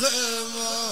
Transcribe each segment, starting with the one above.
ma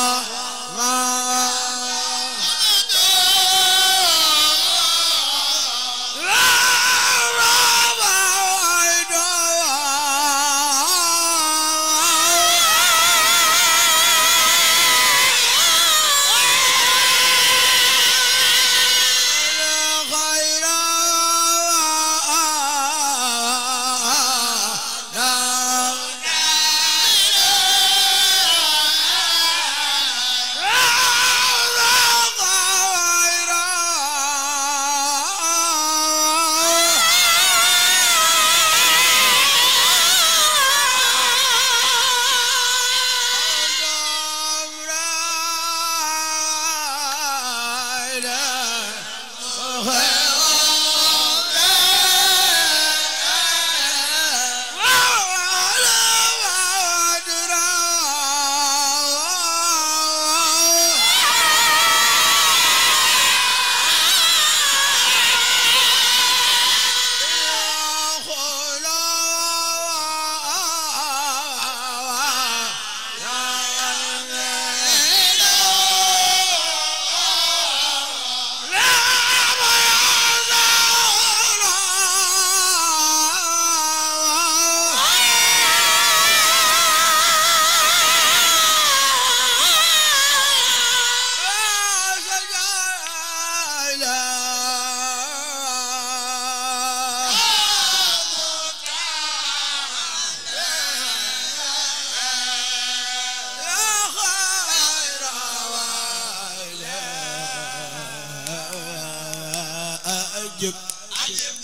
ajib ajib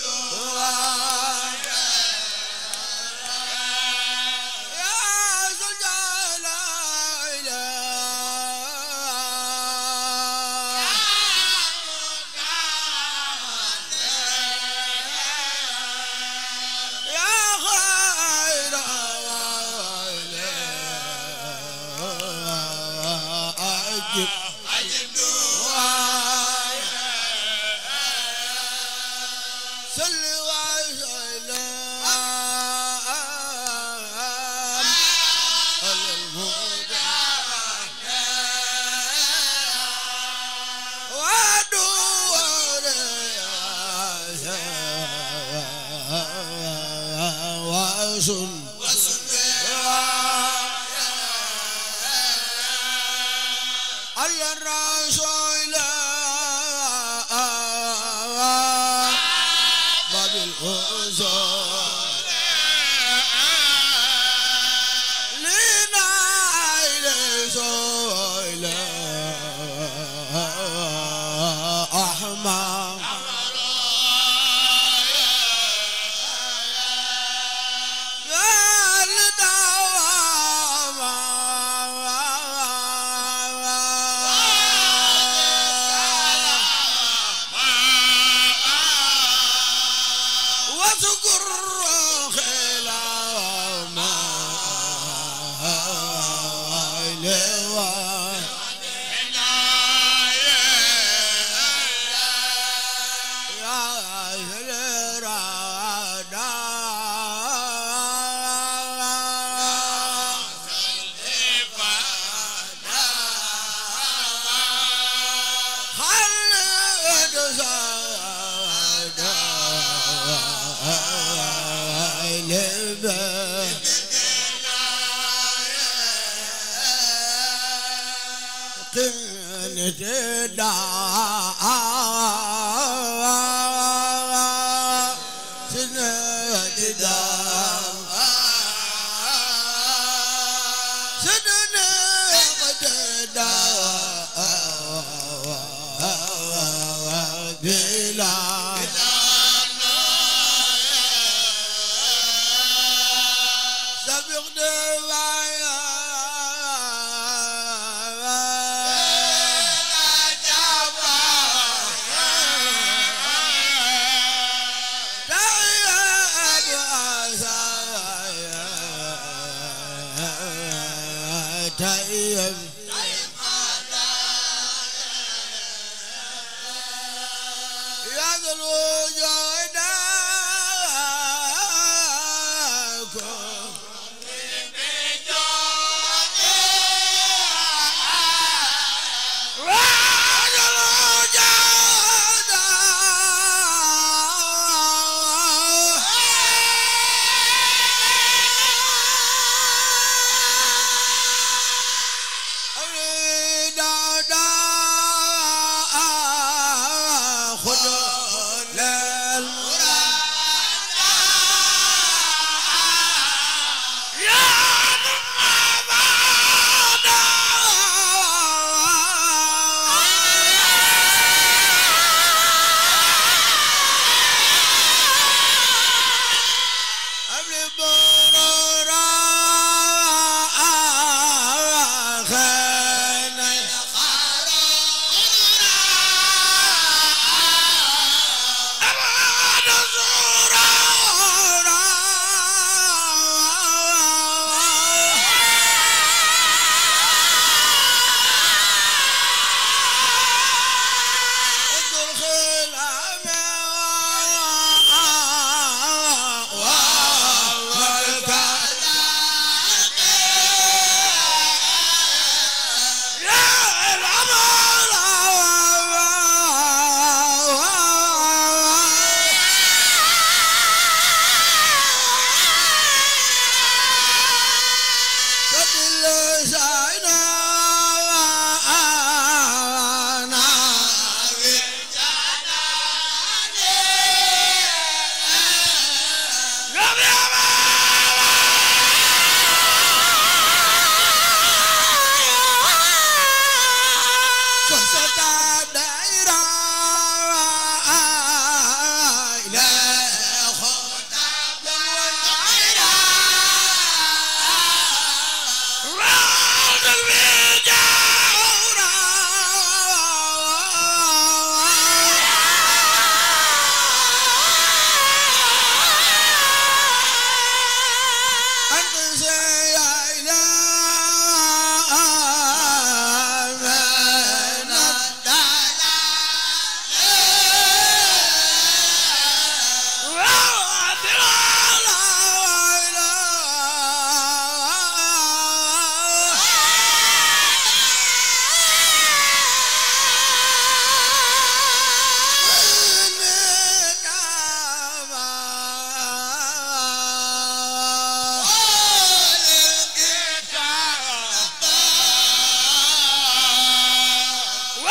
الرسول باب الأنصار daa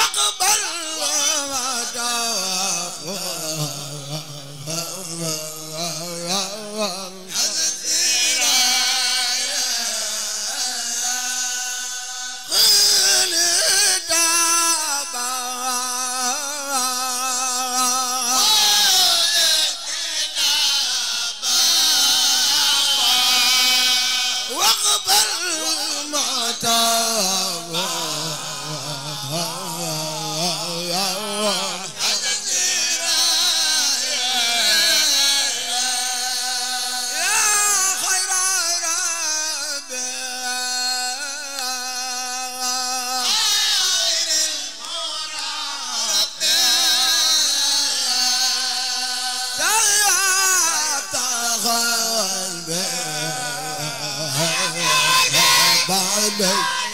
أقبل وتوافق Amen.